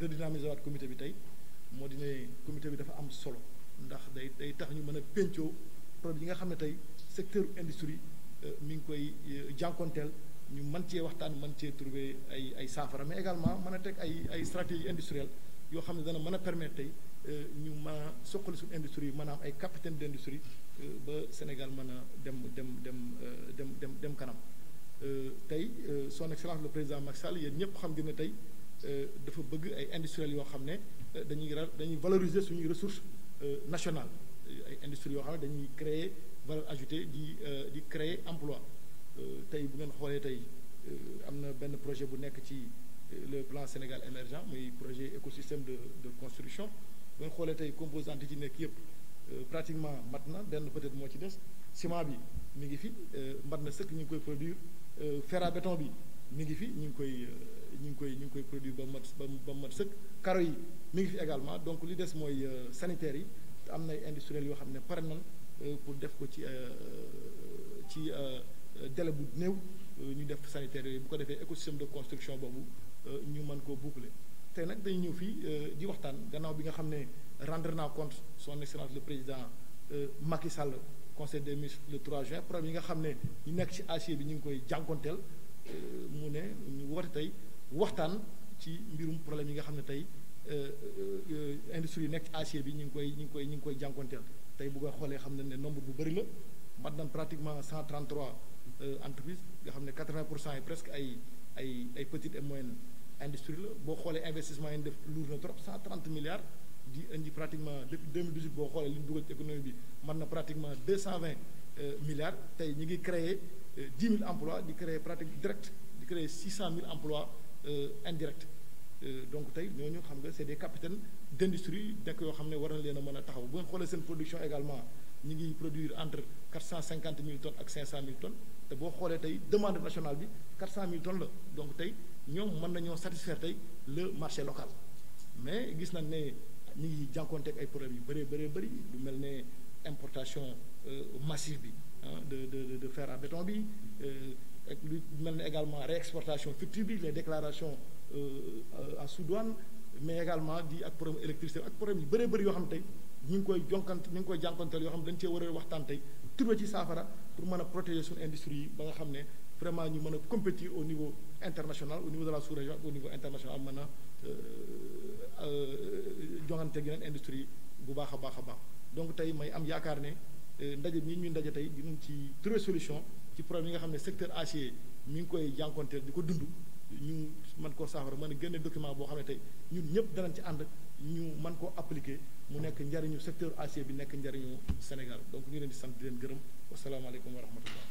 redynamiser waat comité bi tey moo di ne comité bi dafa am solo ndax day day tax ñu mën a péncoo problème yi nga xam ne tey secteur industrie euh, mi ngi koy euh, jànkonteel ñu mën cee waxtaan mën cee trouver ay ay saafara mais également mën a teg ay ay stratégie industrielle yoo xam ne dana mën a permettre tey euh, ñu man a soqali suñu industrie mën ay capitaine d' industrie ba Sénégal mën a dem dem dem dem dem dem kanam tey son excellence le président Macky Sall yéen ñëpp xam ngeen tey Euh, dafa bëgg ay industriels yoo xam ne euh, dañuy dañuy valoriser suñuy ressources euh, nationale ay industries yoo xam ne dañuy créer valeur ajoutée di di créer emploi tey bu ngeen xoolee tey am na benn projet bu nekk ci le plan Sénégal émergent muy projet écosystème de de construction bu ngeen xoolee tey composante yi ci nekk yëpp pratiquement mat na denn peut moo ci des ciment bi mi ngi fi mbat na sëkk ñu ngi koy produire fer bi mi ngi fi ñu ngi koy euh, ñu ngi koy ñu ngi koy produit ba mat ba mat sëkk karo yi mi ngi fi également donc li des mooy euh, sanitaire yi te am na ay industriels yoo xam ne pare nañ euh, pour def ko ci ci délai bu néew ñu def sanitaire yooyu bu ko defee écosystème de construction boobu ñu mën ko boucler te nag dañu ñëw fii di waxtaan gannaaw bi nga xam ne rendre naa compte son excellence le président Macky Sall conseil de ministres le 3 juin problème yi nga xam ne ñu nekk ci acier bi ñu ngi koy jànkonteel mu ne ñu woote tey waxtaan ci mbirum problème yi nga xam ne tey euh, euh, industrie yi nekk ci acier bi ñu ngi koy ñu ngi koy ñu ngi koy jànkonteel tey bu nga xoolee xam ne ne nombre bu bëri la mat nañ pratiquement 133 euh, entreprises nga xam ne 80 pour cent yi presque ay ay ay petites et moyennes industries la boo xoolee investissement yi def lourd na trop 130 milliards di indi pratiquement depuis 2018 boo xoolee li ñu dugal ci économie bi mën na pratiquement 220 euh, milliards tey ñu ngi créer 10 euh, 000 emplois di créer pratique direct di créer 600 000 emplois euh, indirects donc tey ñooñu xam nga c'est des capitaines d'industrie nekk yoo xam ne war na leen mën a taxaw bu ngeen xoolee seen production également ñu ngi produire entre 450 000 tonnes ak 500 000 tonnes te boo xoolee tey demande nationale bi 400 000 tonnes la donc tey ñoom mën nañoo satisfaire tey le marché local mais gis nañ ne. ñu ngi jànkuwanteeg ay problèmes yu bëree bëree bëri lu mel ne importation euh, massive bi de de de fer à béton bi euh, ak lu mel ne également réexportation fictive bi les déclarations euh, à sous-douane mais également di ak problème électricité ak problème yu bëree bëri yoo xam tey ñu ngi koy jonkante ñu ngi koy jànkuwanteel yoo xam dañ cee war a waxtaan tey trouver ci saafara pour mën a protéger suñu industrie yi ba nga xam ne. vraiment ñu mën a compétir au niveau international au niveau de la sous-région ak au niveau international mën a euh, euh, joxante yeneen industrie bu baax a baax a baax donc tey may am yaakaar ne euh, ndaje mi ñu ndaje tey dinañ ci trouver solution ci problème yi nga xam ne secteur acier mi ngi koy jànkonteel di ko dund ñu mën koo saafara mën a génne document boo xam ne tey ñun ñëpp danañ ci ànd ñu mën koo appliquer mu nekk njariñu secteur acier bi nekk njariñu Sénégal donc ñu leen sant di gërëm wasalaamaaleykum wa rahmatullah